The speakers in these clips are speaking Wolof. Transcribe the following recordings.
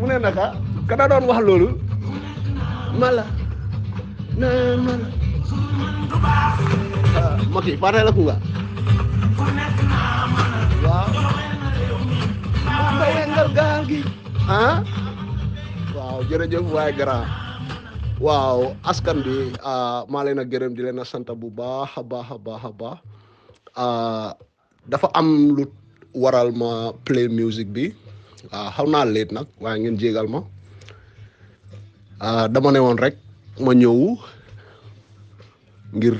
mu ne naka ka da doon wax loolu mala na mala ah, maki pare la ko nga waaw ba yengal ah? waaw jërëjëf waay grand waaw askan bi ah, maa leen a gërëm di leen a sant bu baax a baax a baax a baax dafa am lu waral ma play music bi waaw ah, xaw naa leet nag waaye ngeen jégal ma ah, dama ne woon rek ma ñëw ngir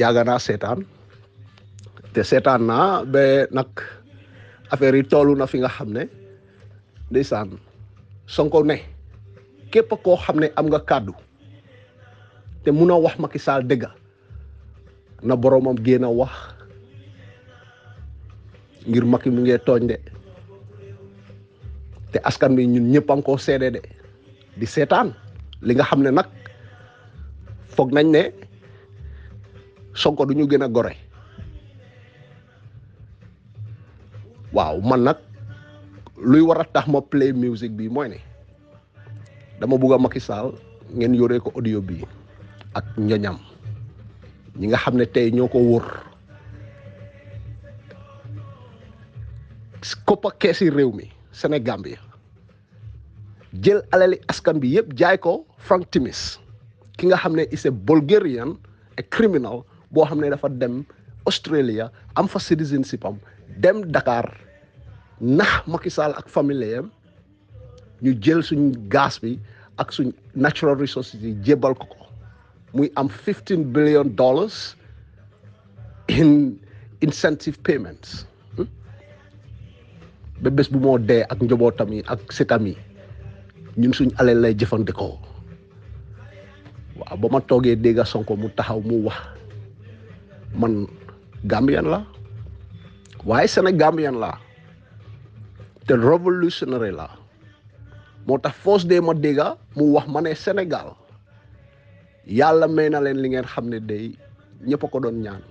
yàgg naa seetaan te seetaan na ba nag affaire yi toolu na fi nga xam ne ndeysaan Sonko ne képp koo xam ne am nga kàddu te mun a wax Macky Sall dëgg na boromam génn a wax ngir maki mu ngi tooñ de. te askan bi ñun ñëpp a koo seede de di seetaan li nga xamné nak fogg nañ né sonko duñu gëna goré gore waaw man nak luy wara tax ma play music bi moy né dama bëgg Macky Sall ngeen yoré ko audio bi ak ñañam ñi nga xamné tay ñoko ñoo ko wër koppa keesi réew mi Sénégambie jël alali askan bi yëpp jaay ko Frank Timis ki nga xam ne is a Bulgarian a criminal boo xam ne dafa dem Australia am fa citizenship am dem Dakar nax Macky Sall ak famileyam ñu jël suñ gaz bi ak suñ natural resources yi jébal ko ko muy am fifteen billion dollars in incentive payments ba bés bu moo dee ak njabootam yi ak sëtam yi ñun suñ alal lay jëfandikoo waaw ba ma toogee dégg Sonko mu taxaw mu wax man Gambien la waaye Sénégambien la te révolutionnaire la moo tax force dee ma dégg mu wax ma ne Sénégal yàlla may na leen li ngeen xam ne day ñëpp ko doon ñaan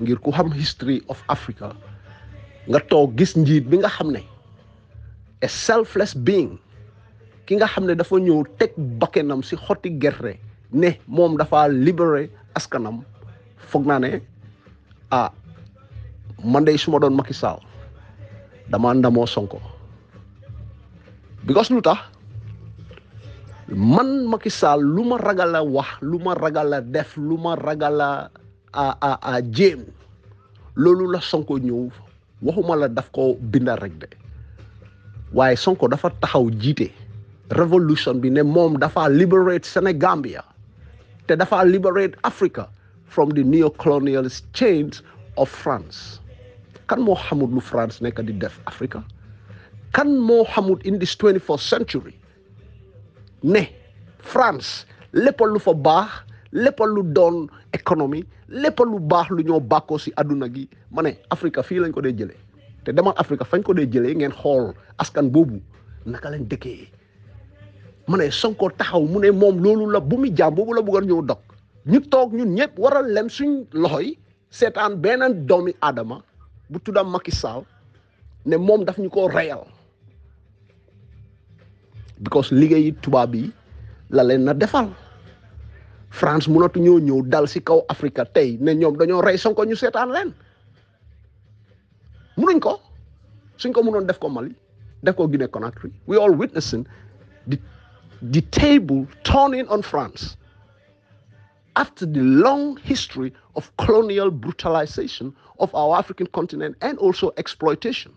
ngir ku xam history of Africa nga toog gis njiit bi nga xam ne a selfless being ki nga xam ne dafa ñëw teg bakkenam si xotti gerte ne moom dafa libéré askanam foog naa ne ah man su ma doon Macky Sall dama ndamoo Sonko because lu tax man Macky Sall lu ma ragal a wax lu ma ragal a def lu ma ragal a a loolu la Sonko ñëw waxuma la daf ko bindal rek de waaye Sonko dafa taxaw jiite révolution bi ne moom dafa liberate Senegambia te dafa liberate Africa from the neocolonialist chains of France kan moo xamul lu France nekk di def Africa kan moo in this 21st century ne France lépp lu fa baax lepp lu doon économie lepp lu baax lu ñoo bako si aduna gi ma afrika fi lañ ko dé jëlé te demal afrika fañ ko dé jëlé ngeen xol askan bobu naka lañ dëkkee ma Sonko taxaw mu né mom loolu la bu mi jaam bobu la bëggoon ñoo dok ñu tok ñun ñepp waral lem suñ loxoy yi benen domi adama bu tuddam Macky Sall ne mom daf ñu ko because liggéeyi tuba bi la leen na defal France mënatuñoo ñëw dal si kaw Afrique tey ne ñoom dañoo rey Sonko ñu seetaan leen mënuñ ko suñ ko mënoon def ko Mali def ko Guinée Conakry we all witnessing the the table turning on France after the long history of colonial brutalization of our African continent and also exploitation.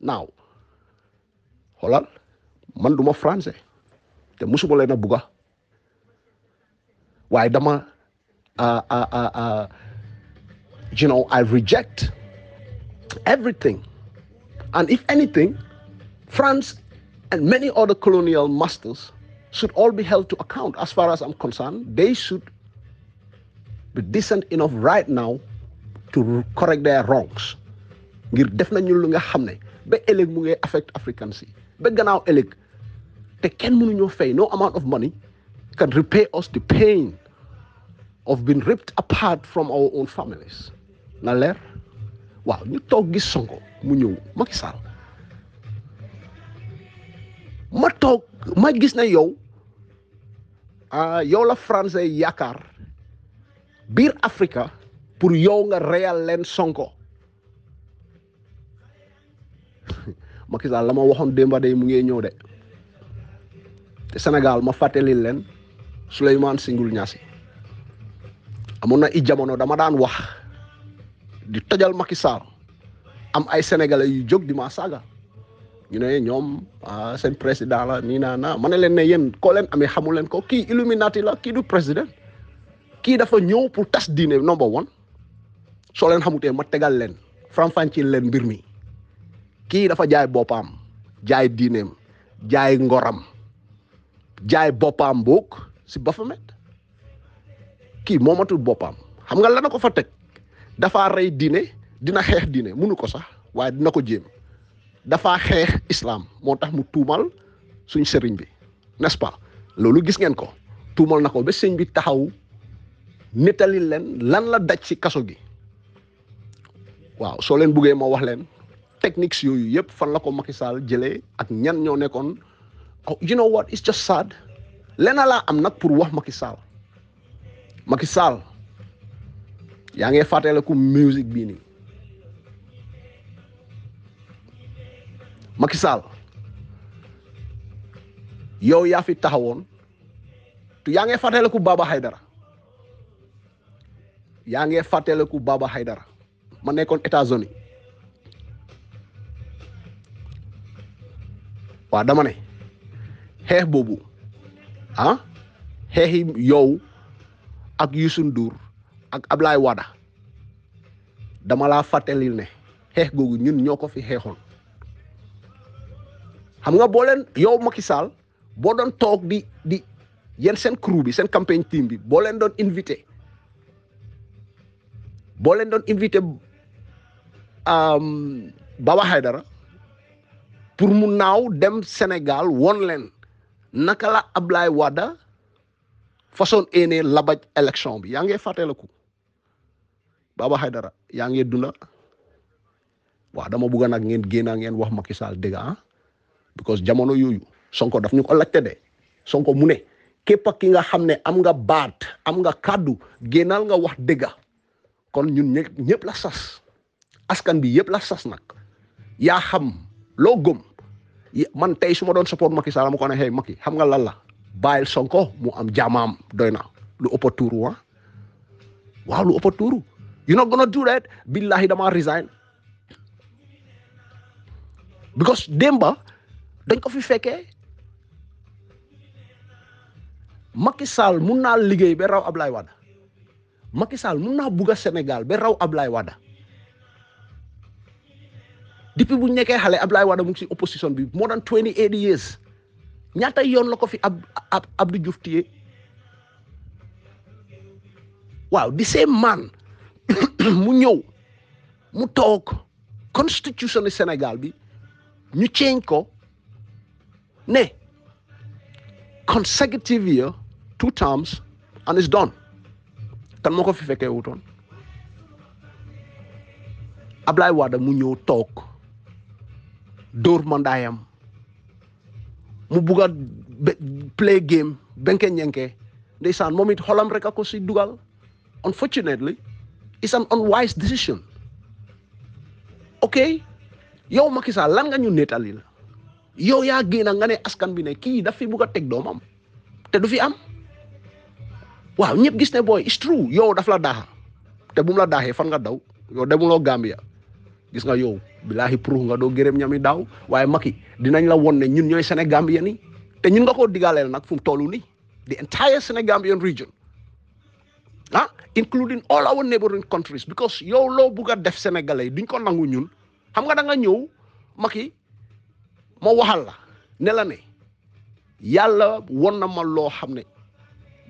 Now, holal, man duma français te musuma leen buga why, dama uh, uh, uh, you know I reject everything and if anything France and many other colonial masters should all be held to account as far as I'm concerned they should be decent enough right now to correct their wrongs ngir def nañu lu nga xam ne ba ëllëg mu ngay affect africans yi ba gannaaw ëllëg te kenn mënuñoo fay no amount of money can repay us the pain of being ripped apart from our own families na leer waaw ñu toog gis Sonko mu ñëw Macky ma toog ma gis na yow ah yow la français yaakaar biir Afrika pour yow nga reyal leen Sonko Macky la ma waxoon démba day mu ngee ñëw de te Sénégal ma fàttali leen Sulaiman Singul Niasse amon na i jamono dama daan wax di tajal Macky Sall am ay sénégalais yu jog di ma saga ñu ñom ah sen président la ni na na mané len né yeen ko len amé xamul len ko ki Illuminati la ki du président ki dafa ñew pour tas number one so len xamuté ma tegal len fram fàcceel leen mbir mi ki dafa jaay bopam jaay diineem jaay ngoram jaay bopam bok si Baphomet kii moomatul boppam xam nga lana ko fa teg dafa rey diine dina xeex diine munu ko sax waaye dina ko jéem dafa xeex islam moo tax mu tuumal suñ sëriñ bi nest pas loolu gis ngeen ko tuumal na ko ba sëñ bi taxaw nettali leen lan la daj si kaso gi waaw soo leen buggee moo wax leen techniques yooyu yëpp fan la ko Macky Sall jëlee ak ñan ñoo nekkoon oh, you what it's just sad Lena la am purwah pour wax Macky Sall Macky Sall ngay fatale ko musique bi ni Macky Sall yow ya fi taxawon tu yang fatale ko Baba Haydara ngay fatale ko Baba Haydara ma nekkon États-Unis wa dama ne xeex boobu. ah xeexi yow ak Youssou Ndour ak Ablaye Wada dama laa fàttalil ne xeex googu ñun ñoo ko fi xeexoon xam nga booleen leen yow Macky Sall boo doon toog di di yéen seen crew bi seen campagne team bi boo leen doon invité boo leen doon invité Baba Haydara pour mu naaw dem Sénégal woon leen. naka la Ablaye wada façon éenee labaj élection bi yaa ngi fàttaliku Baba dara yaa ngi dunda waaw dama bëgg nag ngeen génna ngeen wax Macky Sall dégg ah because jamono yooyu Sonko daf ñu ko laajte de Sonko mu ne képp ki nga xam ne am nga baat am nga kàddu génnal nga wax dëgga kon ñun ñëpp la sas askan bi yëpp la sas nag yaa xam loo gëm man tey su ma doon support Macky Sall ma ko ne hey Macky xam nga lan la Sonko mu am jaamaam doy na lu ëpp a tuuru ah waaw lu ëpp tuuru you not gonna do that billahi dama resign because Demba dañ ko fi fekkee Macky Sall mun naa liggéey ba raw Ablaye Wade Macky Sall mun naa bugg a Sénégal raw Ablaye Wade depuis bu ñu nekkee xale Abdoulaye Wade mu ngi opposition bi more than twenty eight years niata yoon la ko fi ab ab Abdou Diouf téye waaw di same man mu ñëw mu constitution du Sénégal bi ñu ko ne consecutive year two terms and it's done kan moo ko fi fekkee wutoon Abdoulaye Wade mu ñëw dóor mandaayam mu buga play game benke ñenke ndaysan momit it xolam rek ko si dugal unfortunately it's an unwise decision ok yo Macky lan nga ñu netali la yow ya gina nga ne askan bi ne ki da fi buga tek domam te du fi am waaw ñep gis ne boy it's true yow daf la daaxa te bu mu la daxé fan nga daw yow lo Gambia gis nga yow bilahi pour nga do gërëm ñami daw waye maki dinañ la won ne ñun ñoy sénégambien ni té ñun nga ko digalel nak fum tollu ni the entire sénégambien region ha ah, including all our neighboring countries because yo lo buga def sénégalais duñ ko nangu ñun xam nga da nga ñew maki mo waxal la ne la né yalla won na ma lo xamné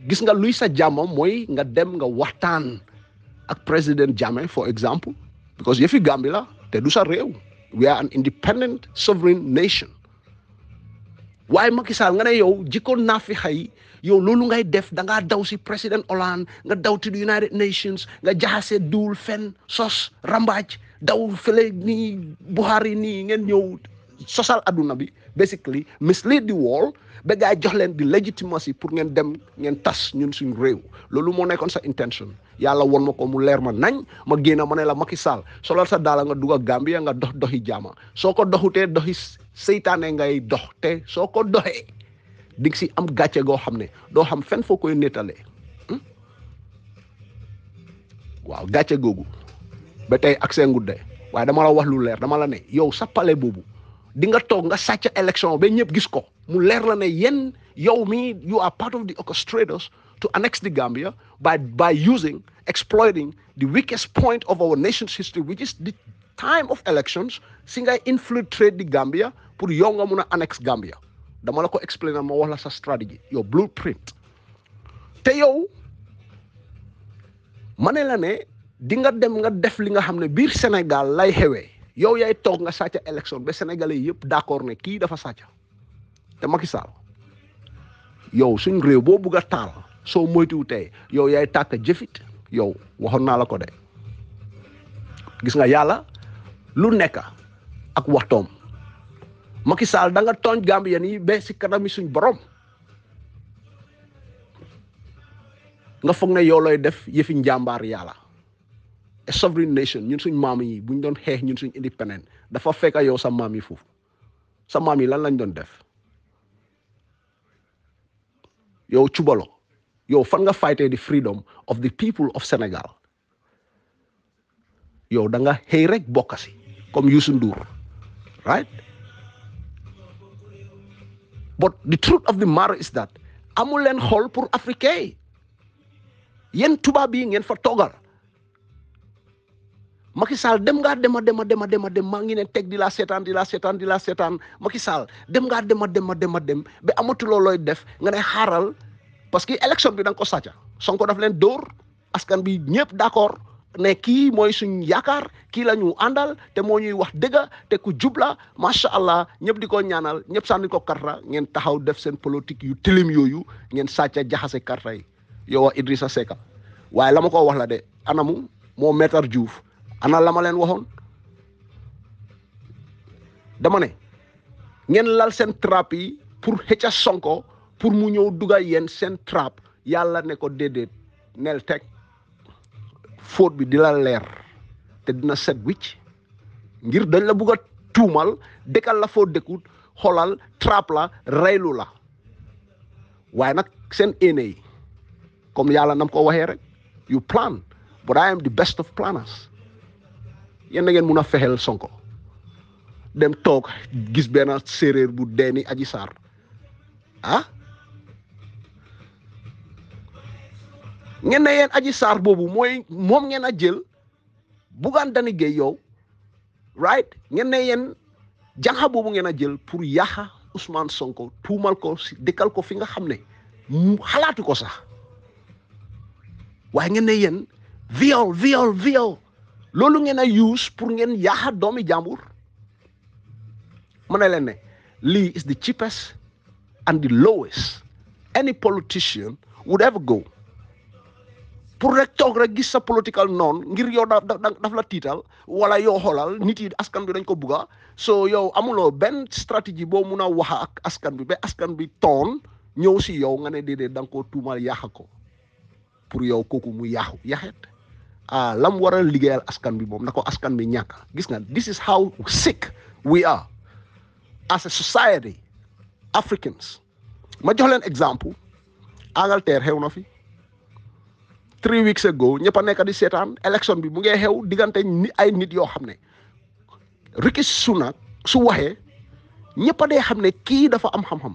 gis nga luy sa jamo moy nga dem nga waxtaan ak president jamme for example because yefi gambi la te du sa réew we are an independent sovereign nation waaye Macky Sall nga ne yow jikkoon naa fi xay yow loolu ngay def da ngaa daw si président Hollande nga daw ti United Nations nga jaxa jaxase duul fen sos rambaaj daw fële nii Buhari nii ngeen ñëw sosal adduna bi basically mislead the world ba gaa jox leen di legitimacy pour ngeen dem ngeen tas ñun suñ réew loolu moo nekkoon sa intention yàlla won ma ko mu leer ma nañ ma génn ma ne la Macky Sall solal sa daala nga dugg a Gambia nga dox doxi jaama soo ko doxutee doxi seytaane ngay dox te soo ko doxee di si am gàcce goo xam ne doo xam fen foo koy nettalee hmm? waaw gàcce googu ba tey ak seen waaye dama la wax lu leer dama la ne yow sa palais boobu di nga toog nga sàcc élection be ñëpp gis ko mu leer la ne yéen yow mi you are part of the orchestrators to annex the Gambia by, by using, exploiting the weakest point of our nation's history, which is the time of elections, sehingga infiltrate the Gambia put young amuna annex Gambia The Monaco explain explainer ma a strategy your blueprint te manelane, dinga ne la ne di nga dem nga def li nga xam election, biir Sénégal lay xewee yow yaay toog nga sàcca élection ba sénégalais d'accord ne dafa te Macky yow suñ réew taal soo moytuwu tey yow yaay tàkk jëfit yow waxoon naa la ko de gis nga yàlla lu nekk ak waxtoom Macky Sall da nga tooñ Gambien yi ba si kanami suñ borom nga foog ne yow looy def yëfi njàmbaar yàlla a sovereign nation ñun suñ maam yi buñ doon xeex ñun suñ independent dafa fekk yow sa maam yi foofu sa maam yi lan lañ doon def yow cubalo yow fan nga fighté the freedom of the people of Senegal yow da nga hey rek bokasi comme Youssou Ndour right but the truth of the matter is that amul len xol pour africain yen tuba bi ngeen fa togal Macky Sall dem nga dema dema dema dema dem ma ngi ne tek di la setan di la setan di la setan Macky Sall dem nga dema dema dema dem be amatu loloy def nga ne haral parce que élection bi dang ko sàcca Sonko daf len dor askan bi ñepp d'accord ne ki moy suñ yakar ki lañu andal te mo ñuy wax te ku jubla masha allah ñepp di ñaanal ñepp sànni ko karra ngeen taxaw def sen politique yu tilim yoyu ngeen sàcca jaxase karra yi yow Idrissa Seka. waye lama ko wax la de anamu mo meter djouf ana lama len waxon dama ne ngeen lal sen trap yi pour hecha Sonko pour mu ñëw dugal yéen seen trap yàlla ne ko déedéet nel teg fóot bi di la leer te dina set wicc ngir dañ la bugg a tuumal dëkkal la foo dëkkut xolal trap la reylu la waaye nag seen éene yi yàlla nam ko waxee yu you plan but I am the best of planners yéen da ngeen mun a fexeel Sonko dem toog gis benn séeréer bu deeni aji saar ah? ngeen ne yeen aji sar bobu moy mom ngeen a jël gan dani ge yow right ngeen ne yeen janxa bobu ngeen a jël pour yaha Ousmane Sonko tuumal ko si ko fi nga xamne xalaatu ko sax waaye ngeen ne yeen viol viol viol loolu ngeen a use pour ngeen yaha doomi jambour ma ne leen is the cheapest and the lowest any politician would ever go pour rek tok rek gis sa political non ngir yow da daf la tital wala yo holal nit yi askan bi dañ ko buga so yow amulo ben strategy bo muna wax ak askan bi be askan bi ton ñew ci yow nga ne dede dang ko tumal yah ko pour yow koku mu yah yahet ah lam waral liggéeyal askan bi mom nako askan bi ñaka gis nga this is how sick we are as a society africans ma jox len exemple angleterre xew fi three weeks ago ñëpp a nekk di seetaan élection bi mu ngi xew diggante ni ay nit yoo xam ne Rishi Sunak su waxee ñëpp a dee xam ne kii dafa am xam-xam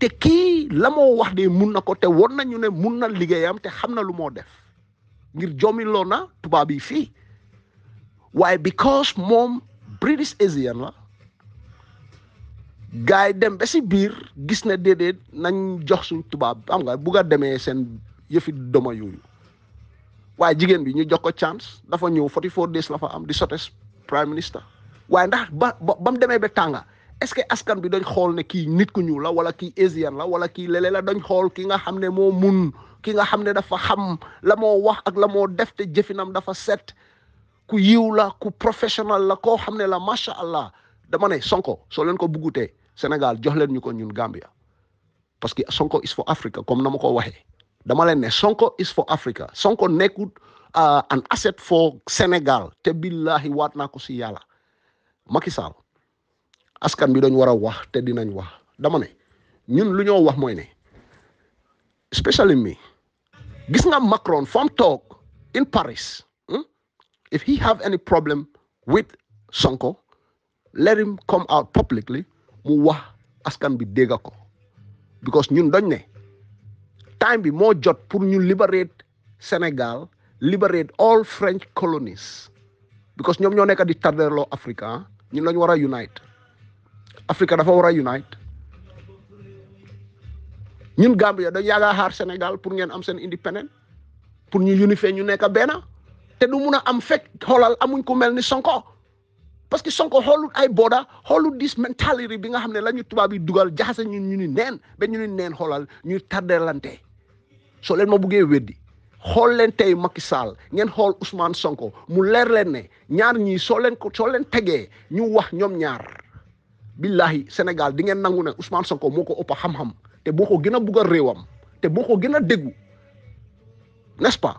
te kii lamo wax de mun na ko te won nañu ne mun na liggéeyam te xam na lu moo def ngir jomiloo na tubaab yi fii waaye because moom British Asian la gars yi dem ba si biir gis ne déedéet nañ jox suñ tubaab xam nga bugg a demee seen yëfi doma yooyu waaye jigéen bi ñu jox ko chance dafa ñëw 44 days la fa am di sotes prime minister waaye ndax ba ba mu demee be tànga est-ce que askan bi dañ xool ne kii nit ku ñuul la wala ki asian la wala kii lele la dañ xool ki nga xam ne moo mun ki nga xam ne dafa xam la moo wax ak la moo def te jëfinam dafa set ku yiw la ku professional la koo xam ne la macha allah dama ne Sonko so leen ko buggutee Sénégal jox leen ñu ko ñun Gambia parce que Sonko is for Africa comme ma ko waxee. Damalene, Sonko is for Africa. Sonko nekut uh, an asset for Senegal. Te billahi wat na ko si yàlla Macky Sall askan bi wara wax te dinañ wax dama ne ñun lu wax ne especially me gis nga Macron from talk in Paris hmm? if he have any problem with Sonko let him come out publicly mu wax askan bi ko because ñun dañ ne time bi mo jot pour ñu liberate Senegal, liberate all French colonies because ñom ñoo nekk di tarderloo Africa ñun lañ wara unite Africa dafa wara unite ñun Gambia dañ yaaga har senegal pour ngeen am sen independent pour ñu unifier ñu nekk benn te du mëna am fek xoolal amuñ ko melni Sonko parce que Sonko xoolut ay border xoolut dis mentality bi nga xam lañu tuba bi tubaab dugal jaxase ñun ñu ni neen ben ñu ni neen xoolal ñuy tardelante soo leen ma buggee weddi xool leen tey Macky Sall ngeen xool usmaan Sonko mu leer leen ne ñaar ñii soo leen ko soo leen tegee ñu wax ñoom ñaar billahi Sénégal di ngeen nangu ne Ousmane Sonko moo ko ëpp xam-xam te boo ko gën a bugg a réewam te boo ko gën a déggu n'est-ce pas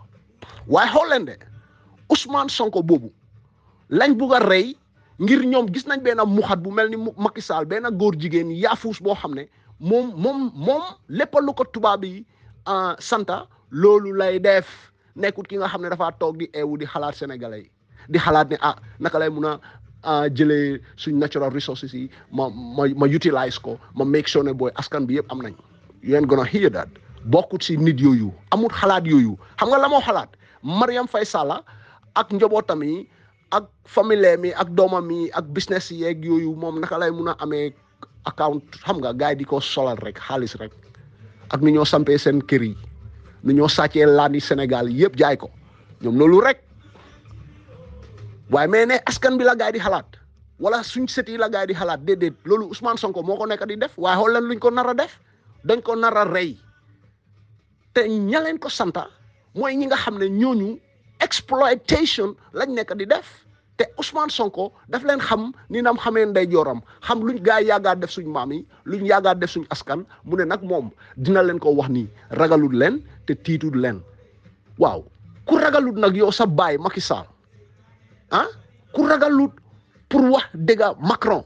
waaye xool leen de Ousmane Sonko boobu lañ bugg a rey ngir ñoom gis nañ benn muxat bu mel ni Macky Sall benn góor jigéen yaafuus boo xam ne moom moom moom lépp lu ko yi. santa loolu lay def nekkut ki nga xam ne dafaa toog di eewu di xalaat sénégalais di xalaat ne ah naka lay mun a jëlee suñ natural resources yi ma ma ma utilise ko ma make sure ne booy askan bi yëpp am nañ yéen gën a hear si nit yooyu amul xalaat yooyu xam nga la moo xalaat Mariam fay Salla ak njabootam yi ak famille mi ak doomam yi ak business yeeg yooyu moom naka lay mun a amee account xam nga gars yi di ko solal rek xaalis rek ak nu ñoo sampee seen kër yi nu ñoo sàccee laan yi Sénégal yëpp jaay ko ñoom loolu rek waaye mais ne askan bi la gaay di xalaat wala suñ sët la gaay di xalaat déedéet loolu Ousmane Sonko moo ko nekk di def waaye xool leen luñ ko nar a def dañ ko nar rey te ñaleen ko santa mooy ñi nga xam ne ñooñu exploitation lañ nekk di def. te Ousmane Sonko daf leen xam ni nam xamee ndey jooram xam luñ gaa yàggaa def suñ maam yi luñ yàggaa def suñ askan mu ne nag moom dina leen ko wax nii ragalul leen te tiitul leen waaw ku ragalut nag yow sa baay Macky Sall ah ku ragalut pour wax dëgg Macron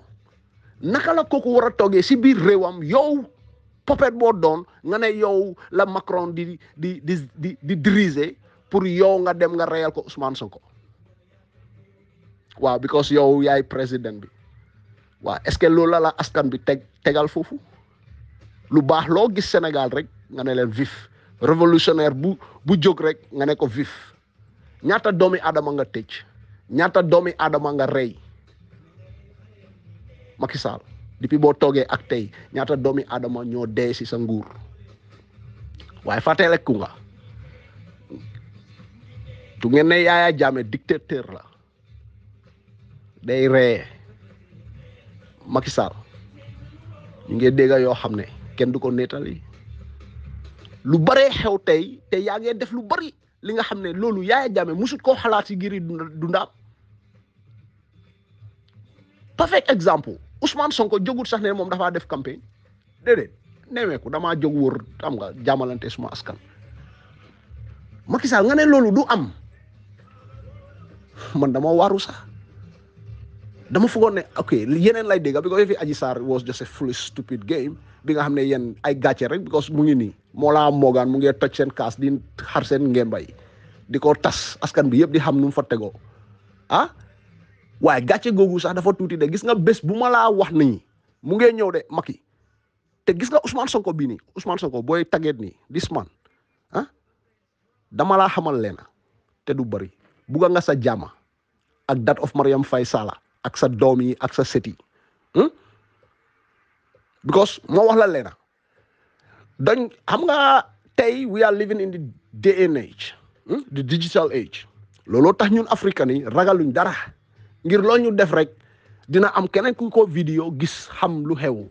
naka la ko war a toogee si biir réewam yow popet boo doon nga ne yow la Macron di di di di diriger pour yow nga dem nga reyal ko Ousmane Sonko. waaw because yow yaay president bi waaw est ce que la askan bi teg tegal foofu lu baax loo gis Sénégal rek nga ne leen vif révolutionnaire bu bu jóg rek nga ne ko vif ñaata doomi adama nga tëj ñaata doomi adama nga rey Macky Sall depuis boo toogee ak tey ñaata doomi adama ñoo dee si sa nguur waaye ku nga du ngeen ne yaaya dictateur la day re makissal ñu ngi dégga yo xamné ne kenn du ko lu bare xew tay te ya ngeen def lu bari li nga xamné lolu yaaya jàmme musut ko xalaat ci giri dunda perfect example, Ousmane Sonko jogur sax né mom dafa def campagne déedéet nemeeku dama jogur, wor am nga jamalanté suma askan makissal nga ne lolu du am man dama waru sax dama fugon ne ok yeneen lay dégg because fi Aji sar was just a fully stupid game bi nga xam ne yéen ay gàcce rek because mu ngi nii moo laa moogaan mu ngi toj seen kaas di xar seen ngembay di ko tas askan bi yëpp di xam nu mu fa tegoo ah waaye gàcce googu sax dafa tuuti de gis nga bés bu ma laa wax nañi mu ngee ñëw de Macky te gis nga Ousmane Sonko bii nii Ousmane Sonko booy taggeet nii this man ah dama laa xamal leena te du bari bugga nga sa jama ak date of Mariam fay Sala ak sa doom yi ak sa sët yi hmm? because moo wax la leena dañ xam nga tey we are living in the day hmm? digital age looloo tax ñun africain yi ragaluñ dara ngir loo ñu def rek dina am keneen ku ko vidéo gis xam lu xew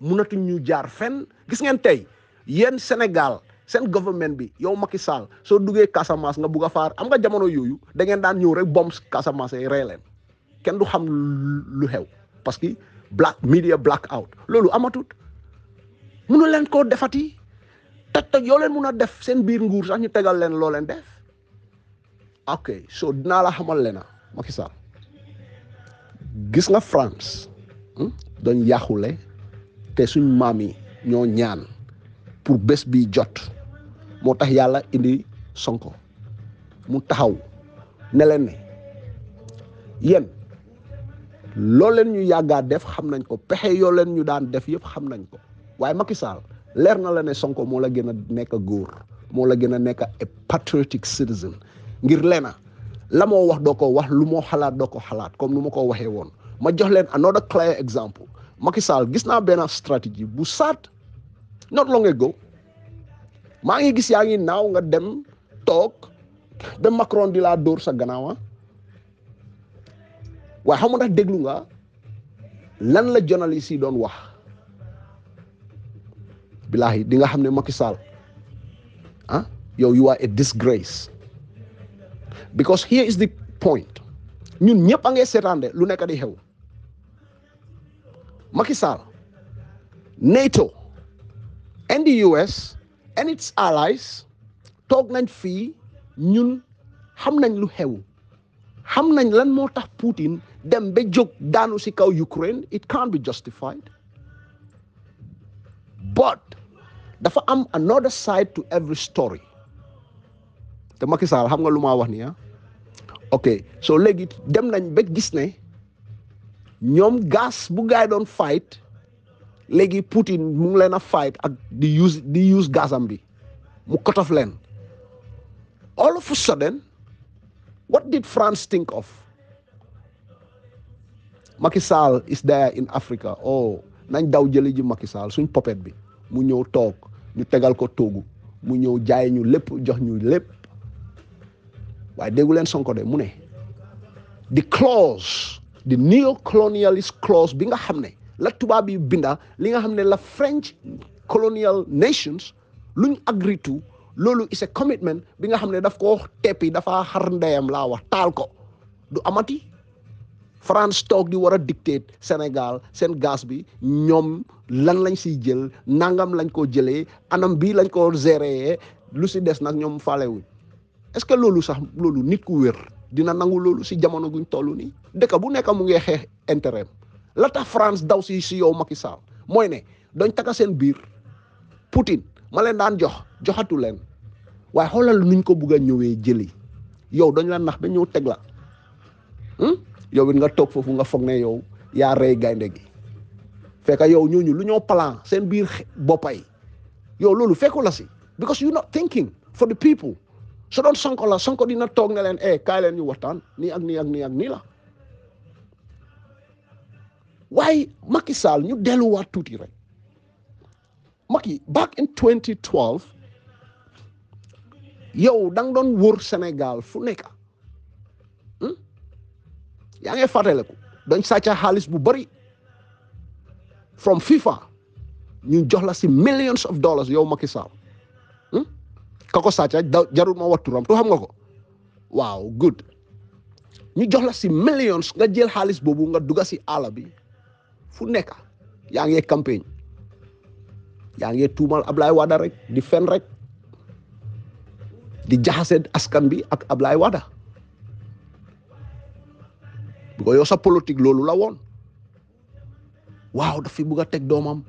munatuñ ñu jaar fen gis ngeen tey yen senegal seen government bi yow Macky Sall soo duggee Casamance nga bugg a faar am nga jamono yooyu da ngeen daan ñëw rek bombs Casamance yi rey leen kenn du xam lu xew parce que black media black out loolu amatut mënu leen koo defati toj-toj yoo leen mun a def seen biir nguur sax ñu tegal leen loo leen def ok so dinaa la xamal lena Macky sax gis nga France hmm, dañ yàqule te suñ maam yi ñoo ñaan pour bés bi jot moo tax yàlla indi Sonko mu taxaw neleen ne yéen loolu leen ñu yàggaa def xam nañ ko pexe yoo leen ñu daan def yëpp xam nañ ko waaye Macky Sall leer na la ne Sonko moo la gën a nekk góor moo la gën a nekk a patriotic citizen ngir leena la moo wax doo ko wax lu moo xalaat doo ko xalaat comme nu ma ko waxee woon ma jox leen another clear exemple Macky Sall gis naa benn stratégie bu saat not long ago maa ngi gis yaa ngi naaw nga dem toog ba Macron di laa dóor sa gannaawa ah. waaye xam ndax déglu nga lan la journaliste yi doon wax bilaahi di nga xam ne Macky Sall ah yow yu are a disgrace because here is the point ñun ñëpp a ngay seetaan lu nekk di xew Macky Sall NATO and the US and its allies toog nañ fii ñun xam nañ lu xew xam nañ lan moo tax puutin dem be jóg danu si kaw Ukraine it can't be justified but dafa am another side to every story te Macky Sall xam nga lu wax ni ah? ok so legi dem nañ be gis ne ñoom gaz bu gaay fight Legi Putin mu ngi leen fight ak di use di use gazam bi mu cut off all of a sudden what did France think of Macky Sall is there in Africa oh nañ daw jëli ji Macky Sall suñ popet bi mu ñëw toog ñu tegal ko toogu mu ñëw jaay ñu lépp jox ñu lépp waaye déggu leen Sonko de mu ne di clause di néocolonialist clause bi nga xam ne la tubaab yi binda li nga xam ne la French colonial nations luñ agree to loolu is a commitment bi nga xam ne daf ko teppi dafa xar ndeyam laa wax taal ko du amati France tok di war a dictate Senegal sen gas bi ñom lan lañ ci jël nangam lañ ko jëlé anam bi lañ ko géré lu dess nak ñom falé wu est-ce que lolu sax lolu nit ku wër dina nangu lolu si jamono guñ tollu ni dëkk bu nekk mu ngi intérêt la ta France daw si ci yow Macky Sall moy né doñ taka sen bir Poutine ma leen daan jox joxatu leen way xolal nuñ ko bugg ñëwé jëli yow dañ la nax ba ñëw la hmm? yow it nga toog foofu nga foog ne yow yaa rey gaynde gi fekk yow ñooñu lu ñoo plan seen biir boppay yow loolu fekku la si because you not thinking for the people so doon sonko la sonko dina toog ne leen eh kaay leen ñu waxtaan nii ak nii ak nii nii la waaye Macky Sall ñu delluwaat tuuti rek Macky back in yow dang nga doon wër Sénégal fu nekk Yang fatale ko dañ sàcca halis bu bari from FIFA ñu jox la si millions of dollars yow Macky Sall hmm? Kako sàcca jarul ma wax turam xam nga ko waaw good ñu jox la si millions nga jël xaalis bobu nga dugga si alabi, bi fu nekk ya yang campagne ya ngi tumal Ablaye Wada rek di fen rek di jaxase askan bi ak Ablaye Wada bu ko yow sa politique loolu la woon waaw daf fi bugg a teg doomam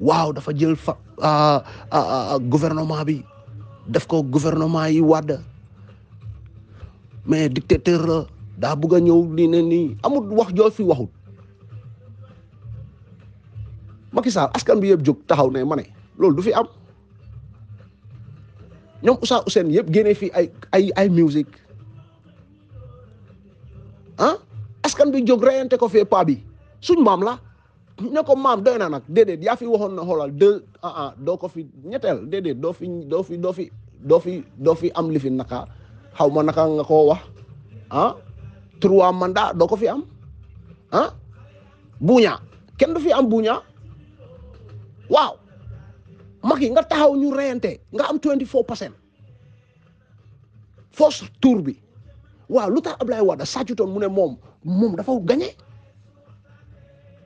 waaw dafa jël fa gouvernement bi def ko gouvernement yi wàdd mais dictateur la daa bugg a ñëw lii ne nii amul wax joo fi waxul Macky Sall askan bi yëpp jóg taxaw ne ma ne loolu du fi am ñoom Oussa Ousseyn yëpp génnee fi ay ay ay musique ah askan bi jóg reyante ko fi paa bi suñ maam la ne ko maam doy na nag déedéet yaa fi waxoon na xoolal deux ah, ah doo ko fi ñetteel déedéet doo fi doo fi doo fi doo fi am li fi naka xaw ma naka nga koo wax ah trois mandat doo ko fi am ah buña kenn du fi am buña waaw mag yi nga taxaw ñu reyante nga am 24 pour cent force tour bi waaw lu tax Ablaye Wade sàccutoon mu ne moom moom dafa gagné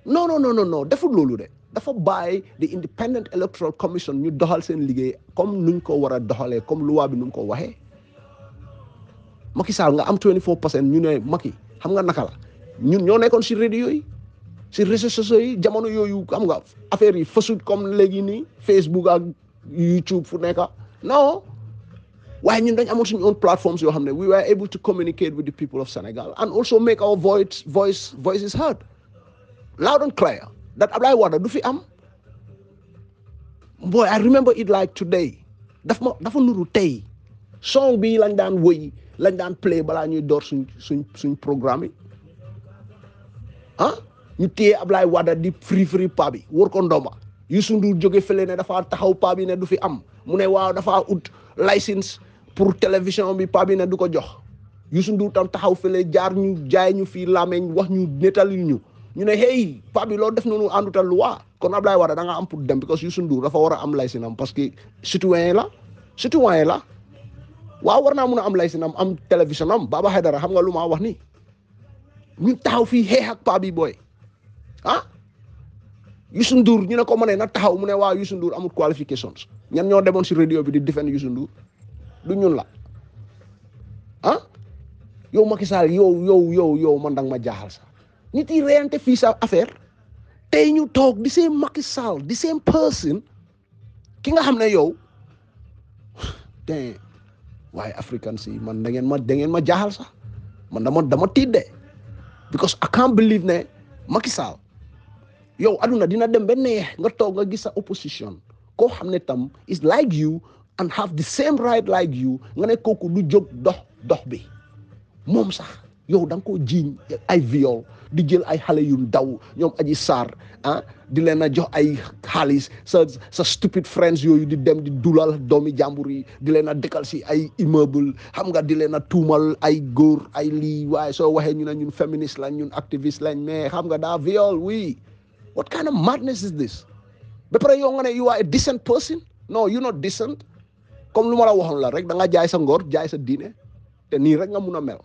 non non non non deful loolu de dafa bàyyi the independent electoral commission ñu doxal seen liggéey comme nuñ ko war a doxalee comme loi bi nu mu ko waxee Macky Sall nga am 24 pour cent ñu ne Macky xam nga naka la ñun ñoo nekkoon si radio yi si réseaux sociaux yi jamono yooyu xam nga affaire yi fasut comme léegi nii Facebook ak YouTube fu nekka non waaye ñun dañ amoon suñu own platforms yoo xam ne we were able to communicate with the people of Senegal and also make our voice voice voices heard loud and clear that Ablaye wada du fi am boy I remember it like today daf ma dafa nuru tey song bii lañ daan woy lañ daan play balaa ñuy door suñ suñ suñ programme yi ah ñu téye Ablaye Wade di free free pa bi wër ko ndomba Youssou Ndour jóge fële ne dafa taxaw pa bi ne du fi am mu ne waaw dafa ut license pour télévision bi pa bi ne du ko jox Youssou Ndour tam taxaw fële jaar ñu jaay ñu fi lameñ wax ñu nettalil ñu ñu ne hey pa bi lo def noonu àndutal loi kon ablay wara da nga am pour dem parce que Youssou Ndour dafa war a am laysinam parce que citoyen la citoyen la wa war naa mun am laysinam am télévision am Baba Haydara xam nga luma wax ni ñu taxaw hehak hey ak pa bi boy ah Youssou Ndour ñu ne ko ma na taxaw mu ne amul qualifications ñan ñoo demone si radio bi di defend Youssou Ndour du ñun la ah yow Macky Sall yow yow yow yow man dang ma jaxal sa nit yi réenté fi sa affaire tay ñu tok di same Macky Sall di same person ki nga xamné yow té way african si man da ngeen ma da ngeen ma jaxal sa man dama dama tidé because I can't believe ne Macky Sall yow aduna dina dem ben neex nga tok nga gis sa opposition ko xamné tam is like you and have the same right like you nga ne kooku lu jóg dox dox bi moom sax yow da nga jiiñ ay viol di jël ay xale yu ndaw ñoom aji sar ah di leen a jox ay xaalis sa sa stupid friends yooyu di dem di dulal doomi jàmbur yi di leen a dëkkal si ay immeuble xam nga di leen a tuumal ay góor ay lii waaye soo waxee ñu ne ñun féministe la ñun activiste lañ mais xam nga daa viol oui what kind of madness is this ba pare yow nga ne you are a decent person no you're not decent comme luma la waxon la rek da nga jaay sa ngor jaay sa diine te ni rek nga mëna mel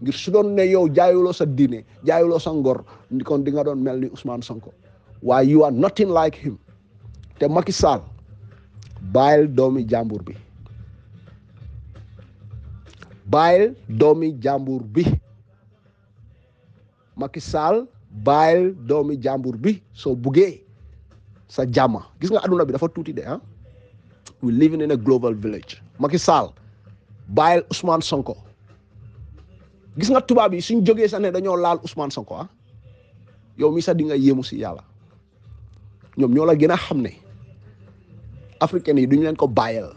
ngir su doon ne yow jaayuloo sa diine jaayuloo sa ngor kon di nga doon mel ni Ousmane Sonko why you are nothing like him te Macky Sall bayil doomi jambour bi bayil doomi jambour bi Macky Sall bayil doomi jambour bi So buggee sa jama gis nga aduna bi dafa tuuti de hein ah. we living in a global village Macky Sall bàyyil Ousmane Sonko gis nga tubaab yi suñ jógee sax ne dañoo laal Ousmane Sonko ah? yow mi sax di nga yéemu si yàlla ñoom ñoo la gën a xam ne african yi duñ leen ko bàyyil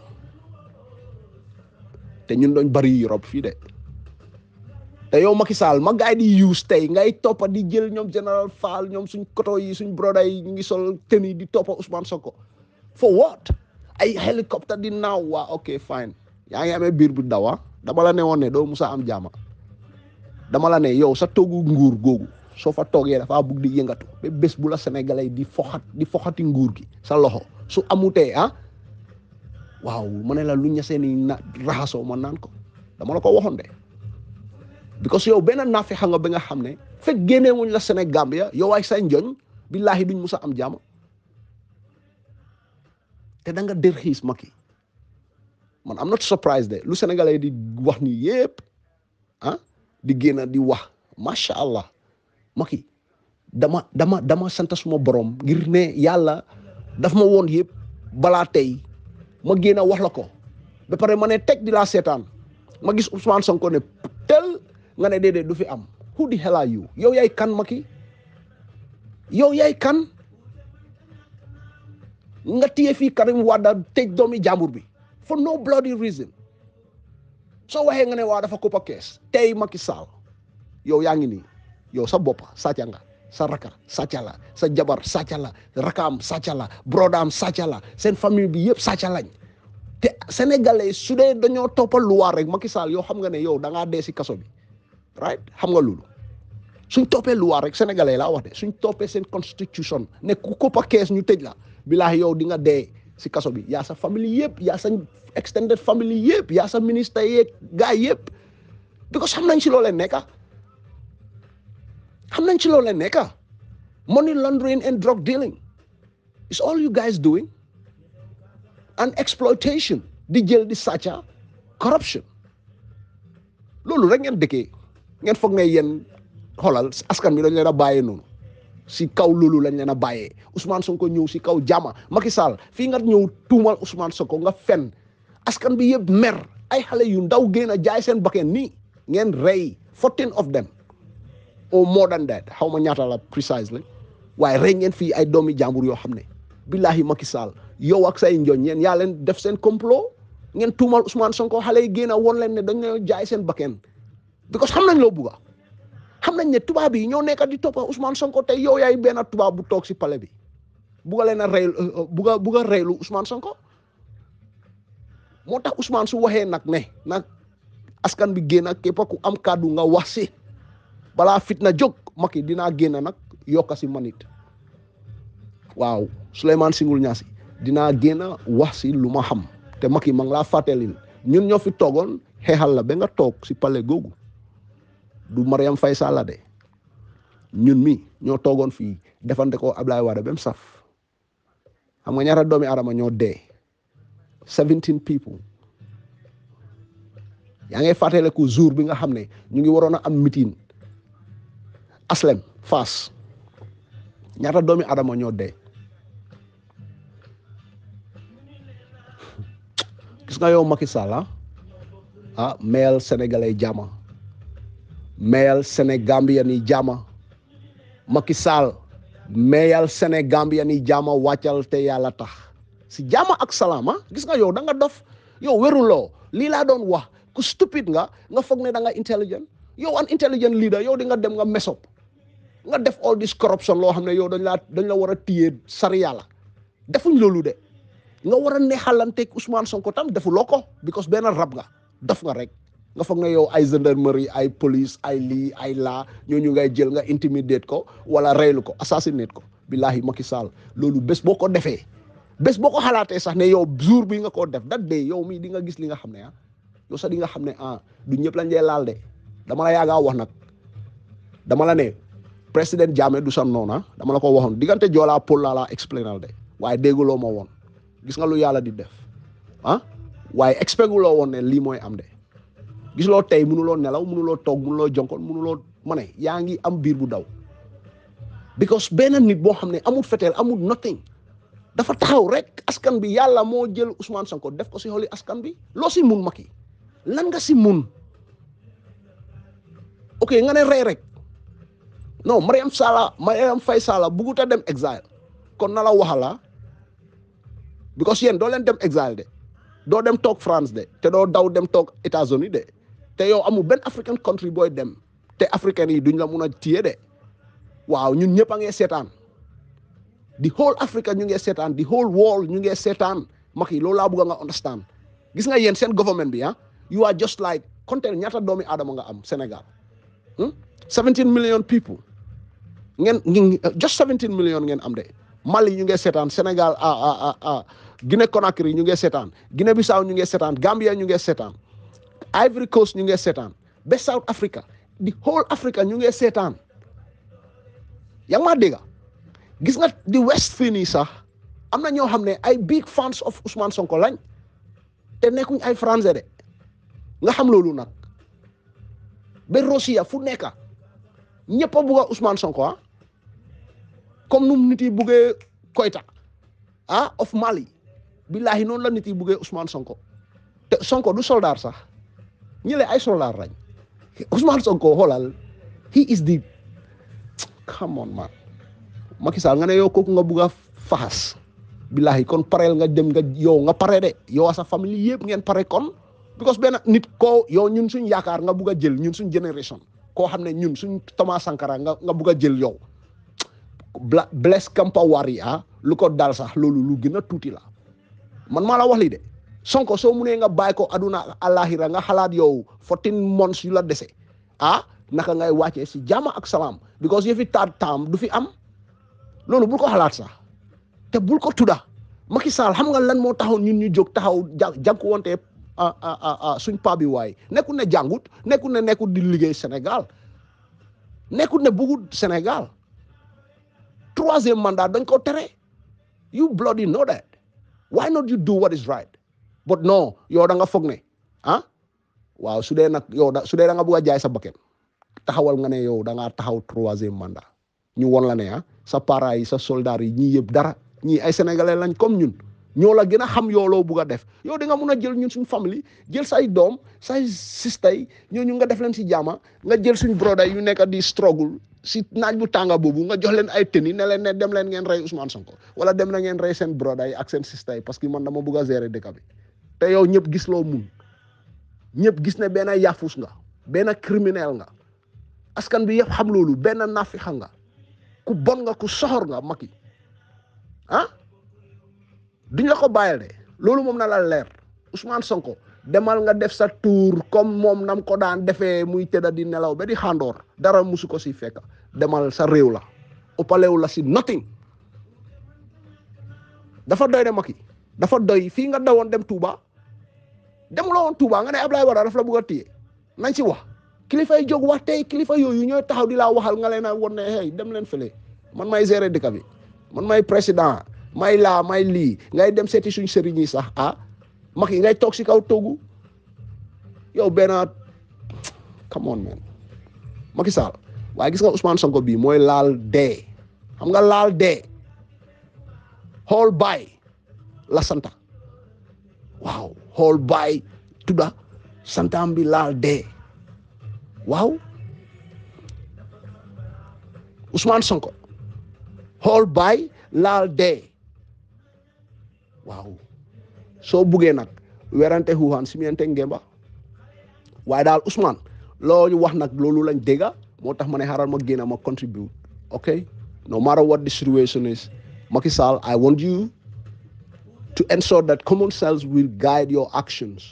te ñun doñ bari Europe fii de te yow Macky Sall ma gaay di use tey ngay toppa di jël ñoom général Fall ñoom suñ koto yi suñ broda yi ñu ngi sol tenue di toppa Ousmane Sonko for what ay helicopter di naaw ok fine yaa ya, ngi amee biir bu dawa dama la musa am jaama dama la ne yow sa togu nguur googu soo fa toogee dafa ya, bugg di yëngatu ba bés bu la sénégalais di foxat di foxati nguur gi sa loxo su amutee ah waaw mu ne la lu ñasee ni na raxasoo ma ko dama la ko waxoon de because yow benn naafi xam nga ba nga xam ne fekk génneewuñ la Sénégambia yow ay sa billahi duñ musa am jaama te da nga dër xiis man am not surprise de lu sénégalais di wax ni yépp ah di génn di wax masha allah maki. dama dama dama sant suma borom ngir né yalla daf ma won yépp bala tay ma génn wax la ko ba paré mané tek di la seetaan ma gis Ousmane Sonko ne tel nga né dédé du fi am who the hell are you yow yay kan maki yow yay kan nga téye fii Karim Wade tëj doomi jàmbur bi for no bloody reason soo waxee nga ne waa dafa koppa kees tey Macky Sall yow yaa ngi ni yow sa bopp sàcca nga sa raka sàcca la sa jabar sàcca la rakaam sàcca la brodaam sàcca la seen famille bi yëpp sàcca lañ te sénégalais su dee dañoo toppal luwaa rek Macky Sall yow xam nga ne yow da ngaa dee si kaso bi right suñ toppee luwaa rek sénégalais laa wax suñ toppee seen constitution ne ku koppa kees ñu tëj la bilaahi yow di nga dee si kaso bi yaa sa famille yépp yaa sa extended family yépp yaa sa ministre yeeg gars yépp because xam nañ ci loo leen nekka eh, xam nañ ci loo nekka eh, money laundering and drug dealing is all you guys doing and exploitation di jël di sàcca corruption loolu rek ngeen dëkkee ngeen foog ne yéen xoolal askan bi dañ leen a bàyyi noonu si kaw loolu lañ leen a bàyyee Ousmane Sonko ñëw si kaw jàmma Macky Sall fii nga ñëw tuumal Ousmane Sonko nga fen askan bi yëpp mer ay xale yu ndaw génn a jaay seen bakkan nii ngeen rey fourteen of them or oh, more than that xaw ma ñaata la precisely waaye rey ngeen fii ay doomi jàmbur yoo xam ne billahi Macky Sall yow ak say njoñ ngeen yaa leen def seen complot ngeen tuumal Ousmane Sonko xale yi génn a woon leen ne dañ leen jaay seen bakkan because xam nañ loo bugga xamnañ nañ ne tubaab yi ñoo nekk di topp Ousmane Sonko te yow yaay benn tubaab bu toog si palais bi buga leen a rey eh, eh, buga buga reylu Ousmane Sonko moo tax Ousmane su waxee nag ne nag askan bi génn ak képp ku am kàddu nga wax si balaa fitna jóg Macky dinaa génn nag si manit waaw Souleymane Singoul Niass dinaa génn wax si lu ma xam te Macky ma ngi laa fàttelin ñun ñoo fi toogoon la ba nga toog si palais googu du Mariam fay Sall de ñun mi ñoo toogoon fii defante ko Ablaye Wade ba mu saf xam nga ñaata doomi aadama ñoo dee seventeen people yaa ngay fàttaliku jour bi nga xam ne ñu ngi waroon a am meeting aslem Fass ñaata doomi aadama ñoo dee gis nga yow Macky Sall ah, ah meel sénégalais jàmm mayal senegambia ni jama, Macky Sall mayal ni ni jama wacal te yalla tax si jama ak salama ah, gis nga yow da nga dof yow lo, li la don wax ku stupid nga nga foog ne da nga intelligent yow an intelligent leader yow di nga dem nga mesop nga def all this corruption lo xamne yow dañ la dañ la wara a defuñ lolou de nga wara nexalante neexalanteeg Ousmane Sonko tam defu loko because ben rab nga daf nga rek nga foog na yow ay gendarmerie ay police ay li ay laa ñooñu ngay jël nga intimidate ko wala reylu ko assassinate ko billahi Macky Sall loolu bés boo ko defee bés boo ko xalaatee sax ne yow jour bi nga koo def dat de yow mii di nga gis li nga xam ne ah yow sax di nga xam ne ah du ñëpp lañ laal de dama la yaagaa wax nag dama la ne président Jammeh du sam noona ah, dama la ko waxoon diggante joolaa pol laa laa explainal de waaye dégguloo ma woon gis nga lu yàlla di def ah waaye expectuloo woon ne lii mooy am de gisuloo tey mënuloo nelaw mënuloo toog mënuloo jonkoon mënuloo ma ne yaa ngi am biir bu daw because benn nit boo xam ne amul feteel amul nothing dafa taxaw rek askan bi yàlla moo jël Ousmane Sonko def ko si xoli askan bi loo si mun Macky lan nga si mun ok nga ne rey rek non Mariam Sala Mariam Faye Sala bugut a dem exil kon na la waxala ah? because yéen doo leen dem exil de doo dem toog France de te doo daw dem toog États-Unis de te yow amu ben african country boy dem te African yi duñ la mëna tié dé de waaw ñun ñëpp nga sétane di whole Africa ñu nga sétane di whole world ñu nga sétane maki lo la bëgg nga understand gis nga yeen sen government bi ha ah, you are just like konté ñata doomi adam nga am Sénégal 17 hmm? million people ngeen just 17 million ngeen am de Mali ñu ngee Senegal Sénégal ah ah ah, ah. Guinée Conakry ñu nga sétane Guinée Bissau ñu nga sétane Gambia ñu nga sétane Ivory Coast ñu ngi seetaan ba South Africa di whole Africa ñu ngi seetaan yaa ma dégga the gis nga di West fii nii sax am na ñoo ay big fans of Ousmane Sonko lañ te nekkuñ ay français de nga xam loolu nag ba Russia fu nekka ñëpp a Usman Ousmane Sonko ah comme num nit yi buggee Koyta ah of Mali billahi noonu la nit yi buggee Ousmane Sonko te Sonko du soldaar sax ñi ay soldat rañ Ousmane Sonko holal he is the come on man Macky Sall nga ne yow koku nga bugg a billahi kon parel nga dem nga yow nga paré dé yow sa famille yépp ngeen paré kon because ben nit ko yow ñun suñu yaakar nga bugg jël ñun suñu generation ko xamné ñun suñu Thomas Sankara nga nga bugg jël yow bless Kampawari ha ah. lu ko dal sax lolu lu gëna tuti la man malawali wax li de Sonko soo nee nga bàyyi ko aduna alaaxira nga xalaat yow fourteen months yu la dese ah naka ngay wàccee si jàmm ak salaam because yëfi taat taam du fi am loolu bul ko xalaat sax te bul ko tudda Macky Sall xam nga lan moo taxoon ñun ñu jóg taxaw ja wonte ah, ah, ah, suñ pa bi waay nekkul ne jàngut nekkul ne nekkul di liggéey Sénégal nekkul ne bëggul senegal troisième mandat dañ ko tere you bloody know that why not you do what is right but no, yo da nga fogné ah waaw sudé nak yo da sudé da nga bëgg jaay sa bakkan taxawal nga né yo da nga taxaw 3e mandat ñu won la né ah sa ya. para yi sa soldat yi ñi yëpp dara ñi ay eh, sénégalais lañ comme ñun ñoo la gëna xam yo lo bëgg def yo di nga mëna jël ñun suñu family jël say dom say ñoo ñu nga def leen si jaama nga jël suñu broda yu nekk di struggle si naaj bu tanga bobu nga jox leen ay teni ne leen ne dem leen ngeen rey Ousmane Sonko wala dem na ngeen rey seen broda aksen ak seen sister parce que man dama bëgg gérer bi te yow ñep gis lo muñ ñep gis ne ben yafus nga ben criminel nga askan bi yef xam ben nafi xam nga ku bon nga ku soxor nga maki ah duñ la ko bayal de lolu mom na la leer Ousmane Sonko demal nga def sa tour comme mom nam ko daan defé muy teda di nelaw be di xandor dara musu ko si fekk demal sa rew la upalew la si nothing dafa doy de maki dafa doy fi nga dawon dem Touba dem la woon Touba nga ne Ablaye Wade daf la bëgg a téye nañ ci wax kilifa yi wax tey kilifa yooyu ñooy taxaw di laa waxal nga leen a won ne hey dem leen fële man may gérer dëkk bi man may président may laa may lii ngay dem seeti suñ sëriñ sax ah mag yi ngay toog si kaw toogu yow benn come on man Macky Sall waaye gis nga Ousmane Sonko bii mooy laal dee xam nga laal dee xool baay la santa waaw. xool baay tudda santam bi laal dee waaw Ousmane Sonko xool baay laal dee waaw soo buggee nag werante xuuxaan simiyante ngemba waaye daal Ousmane loo wax nag loolu lañ dégga moo tax ma ne xaaral ma génn ma contribute ok no matter what the situation is Macky Sall I want you to ensure that common sense will guide your actions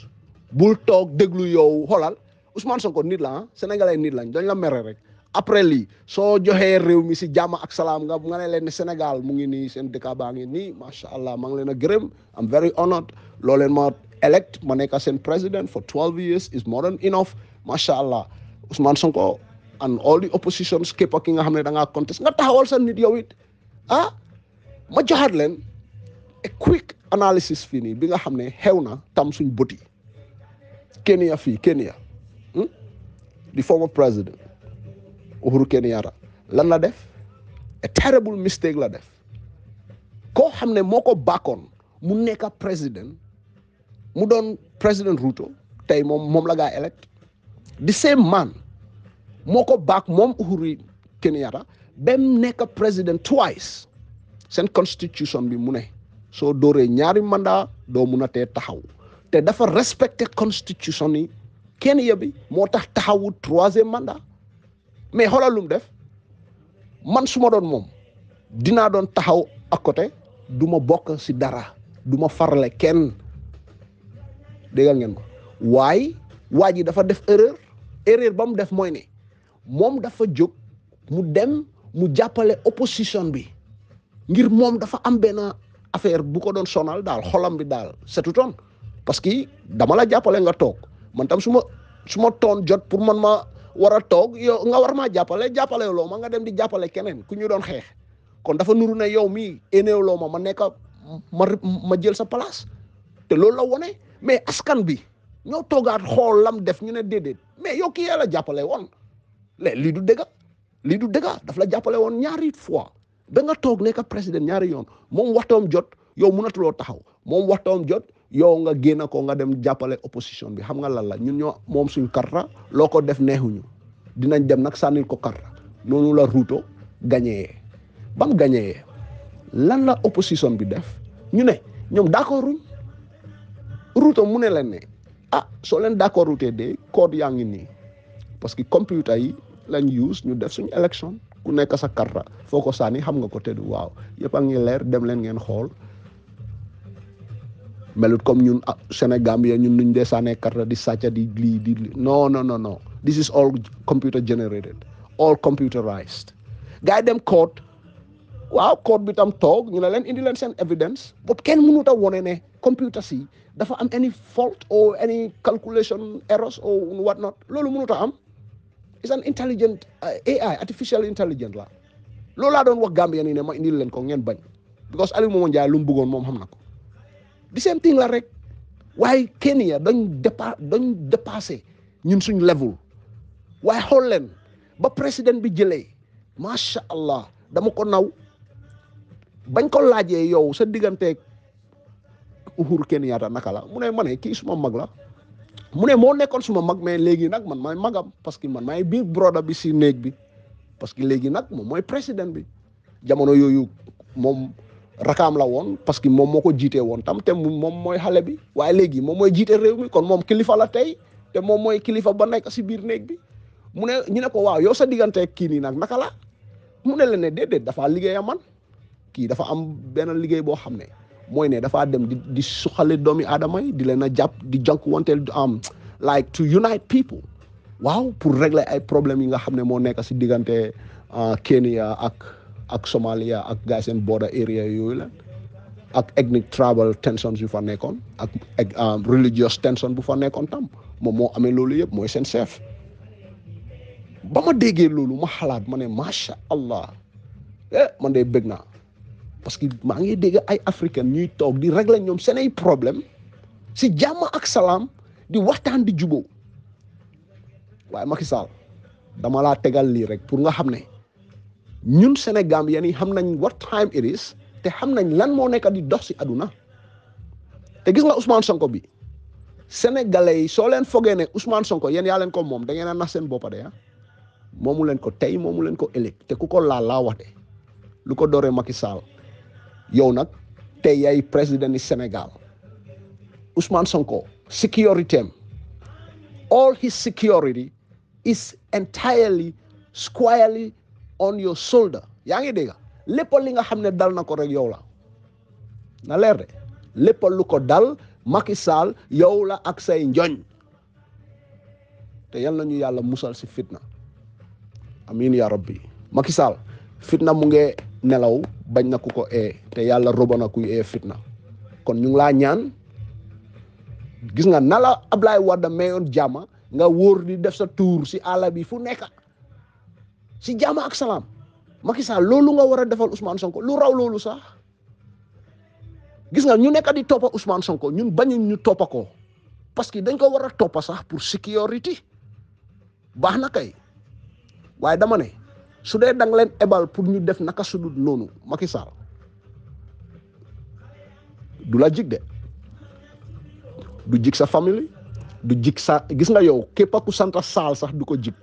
bul toog déglu yow xoolal Ousmane Sonko nit la ah sénégalais nit lañ dañ la mere rek après lii soo joxee réew mi si jàmm ak salaam nga nga ne leen Sénégal mu ngi nii seen dëkk baa ngi nii macha allah maa ngi leen gërëm am very honored loo leen ma elect ma nekk seen president for 12 years is more than enough macha allah Ousmane Sonko and all the opposition képp ki nga xam ne da ngaa contest nga taxawal sa nit yow it ah ma joxaat leen a quick analysis fii bi nga xam ne xew na tam suñ bëti Kenya fii Kenya di hmm? former president Uhuru Kenyatta lan la def a terrible mistake la def koo xam ne moo ko bàkkoon mu nekk président mu doon président Ruto tey moom moom la gaa elect di same man moo ko baak moom Uhuru Kenyatta ba mu nekk président twice seen constitution bi mu ne soo dóoree ñaari mandaa doo mun a tee taxaw te dafa respecter constitution yi kenn yebbi moo tax taxawu troisième mandat mais xoolal lu def man su ma doon moom dinaa doon taxaw à côté du ma bokk si dara duma farale kenn déggal ngeen ko waaye waa ji dafa def erreur erreur ba mu def mooy ne moom dafa jóg mu dem mu jàppale opposition bi ngir moom dafa am benn affaire bu ko doon sonal daal xolam bi daal setutoon parce que dama la jàppale nga toog man tam suma suma su toon jot pour man ma war a toog yow nga war maa jàppale jàppale loo ma nga dem di jàppale keneen ku ñu doon xeex kon dafa nuru ne yow mii éneew loo ma ma nekk ma ma jël sa place te loolu la wone mais askan bi ñoo toogaat xool lam def ñu ne déedéet mais yow ki yee la jàppale woon lii du dëgg lii du dëgg daf la jàppale woon ñaari fois ba nga toog nekk président ñaari yoon moom waxtoom jot yow mënatuloo taxaw moom waxtoom jot yow nga génn ko nga dem jàppale opposition bi xam nga lan la ñun ñoo moom suñ karta loo ko def neexuñu dinañ dem nag sànnil ko karta noonu la Ruto gañee bam gañee lan la opposition bi def ñu ne ñoom d'accorduñ Ruto mu ne leen ne ah soo leen d'accordutee de code yaa ngi nii parce que computer yi lañ use ñu def suñ élection ku nekk sa karta foo ko sànni xam nga ko te du waaw yëpp a ngi leer dem leen ngeen xool melut comme ñun ah, Sénégal ya ñun nuñ dee sànnee karta di sàcca di lii di lii non non non non this is all computer generated all computerized gaay dem court waaw court bi tam toog ñu ne leen indi leen seen evidence boobu kenn mënut a wone ne computer si dafa am any fault or any calculation errors or what not loolu mënut ta am is an intelligent uh, AI artificial intelligence la loolu laa doon wax Gambien yi ne ma indil leen ko ngeen bañ because Alieu Momar Njie lu mu bëggoon moom xam na ko the same thing la rek waaye Kenya dañ dépa dañ dépassé ñun suñ level waaye xool leen ba président bi jëlee macha allah dama ko naw bañ ko laajee yow sa digganteeg Uhuru Kenyatta naka la mu ne ma ne kii mag la. mu ne moo nekkoon suma mag mais léegi nag man maay magam parce que man maay biir broda bi si néeg bi parce que léegi nag moom mooy président bi jamono yooyu moom rakaam la woon parce que moom moo ko jiitee woon tam te moom mooy xale bi waaye léegi moom mooy jiite réew mi kon moom kilifa la tey te moom mooy kilifa ba nekk si biir néeg bi mu ne ñu ne ko waaw yow sa diggante kii nii nag naka la mu ne la ne déedéet dafa liggéey man kii dafa am benn liggéey boo xam ne mooy ne dafaa dem di di suxali doomi aadama yi di leen a jàpp di jànk wanteel am um, like to unite people waaw pour régler ay problèmes yi nga xam ne moo nekk si diggante uh, Kenya ak ak Somalia ak gaay seen border area yooyu la ak ethnic tribal tensions yu fa nekkoon ak ak um, religious tension bu fa nekkoon tam moom moo amee loolu yëpp mooy seen chef ba ma déggee loolu ma xalaat ma ne macha allah eh man de bëgg parce que ma ngi dégg ay africain ñuy toog di régler ñoom seen ay problème si jàmm ak salaam di waxtaan di juboo waaye Macky Sall dama laa tegal lii rek pour nga xam ne ñun Sénégal yéen xam nañ what time it is te xam nañ lan moo nekk di dox si aduna te gis nga Ousmane Sonko bi sénégalais yi soo leen fogee ne Ousmane Sonko yéen yaa leen ko moom da ngeen a nax seen boppa de ah moomu leen ko tey moomu leen ko ëllëg te ku ko laal laa wax de lu ko Macky Sall yow nag te yaay président du Sénégal Ousmane Sonko security am all his security is entirely squarely on your shoulder yaa ngi dégg lépp li nga xam ne dal na ko rek yow la na leer de lépp lu ko dal Macky Sall yow la ak say njoñ te yal nañu yàlla musal si fitna amin ya rabbi Macky fitna mu nge nelaw bañ na ku ko e te yàlla roba na kuy ee fitna kon ñu ngi ñaan gis nga nala ablaay wada mayoon jama nga wóor di def sa tour si alabi bi fu nekk si jama ak salaam Macky Sall loolu nga war a defal Ousmane Sonko lu raw loolu sax gis nga ñu nekk di toppa Ousmane Sonko ñun bañu ñu toppa ko parce que dañ ko war a toppa sax pour sécurité baax kay waaye dama ne su dee da leen ebal pour ñu def naka sudul noonu Macky du la jig de du jig sa famille du jig sa gis nga yow képp ku santa Sall sax du ko jig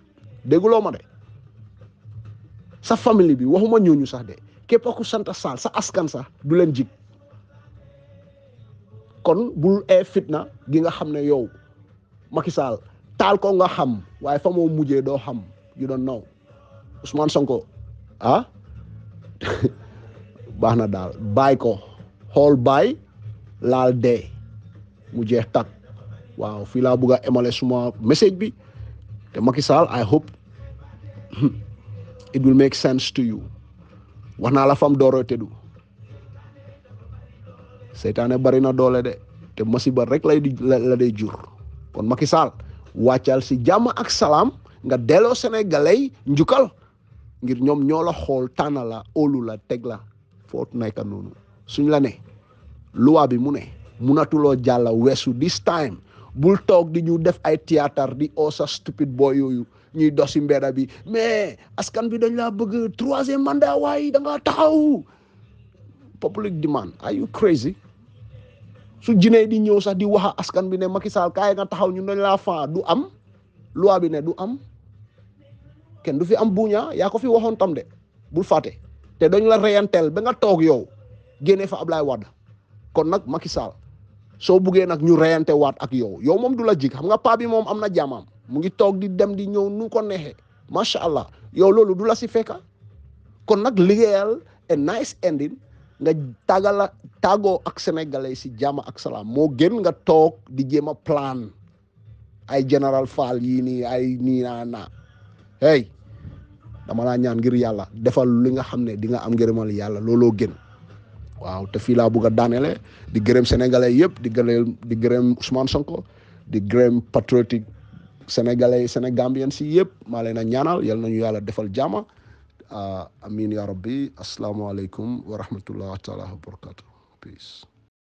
dégguloo ma de sa famille bi waxuma ñooñu sax de képp ku santa Sall sa askan sax du leen jig kon bu ee fitna gi nga xam ne yow Macky taal ko nga xam waaye fa moo mujjee doo xam yu doon naw Ousmane Sonko ah baxna dal, bay ko hol bay lal de mu jeex tak waaw fi la bëgg semua suma message bi te Macky Sall I hope it will make sense to you waxna la fam dooroo tëddu setané bari na doole de te masiba rek lay di la day jur kon Macky Sall waccal si jamm ak salam nga delo sénégalais ñukal ngir ñom ñola la tanala olula la fort la teg la foo suñ la ne loi bi mu ne jalla wessu this time bul tok di ñu def ay théâtre di osa oh, stupid boy yoyu ñuy dosi mbeda bi mais askan bi dañ la bëgg troisième mandat way da nga taxaw public demand are you crazy su jine di ñëw sax di wax askan bi ne Macky Sall kay nga taxaw ñu dañ la fa du am loi bi ne du am Kendu du fi am buña ya ko fi waxon tam de bul faté té doñ la reyanteel ba nga tok yow so fa ablay wad kon nak Macky Sall so bugé nak ñu reyante waat ak yow yow mom du la jig xam nga pa bi mom amna jamam mu ngi tok di dem di ñew nu ko neexee macha allah yow lolu du la si fekka kon nak ligéyal a nice ending nga tagal tago ak sénégalais si jama ak salam mo gën nga tok di jema plan ay general Fall yi ni ay ni na na hey dama la ñaan ngir yalla defal li nga xamne di nga am mal yalla lolo gën waaw te fi la bugg a daanele di gërëm sénégalais yépp di gërëm di gërëm Ousmane Sonko di gërëm patriotique sénégalais sénégambien si yépp ma leen a ñaanal yalla nañu yalla defal jama ah, amin ya rabbi alaykum wa rahmatullahi taala wa barakatuh peace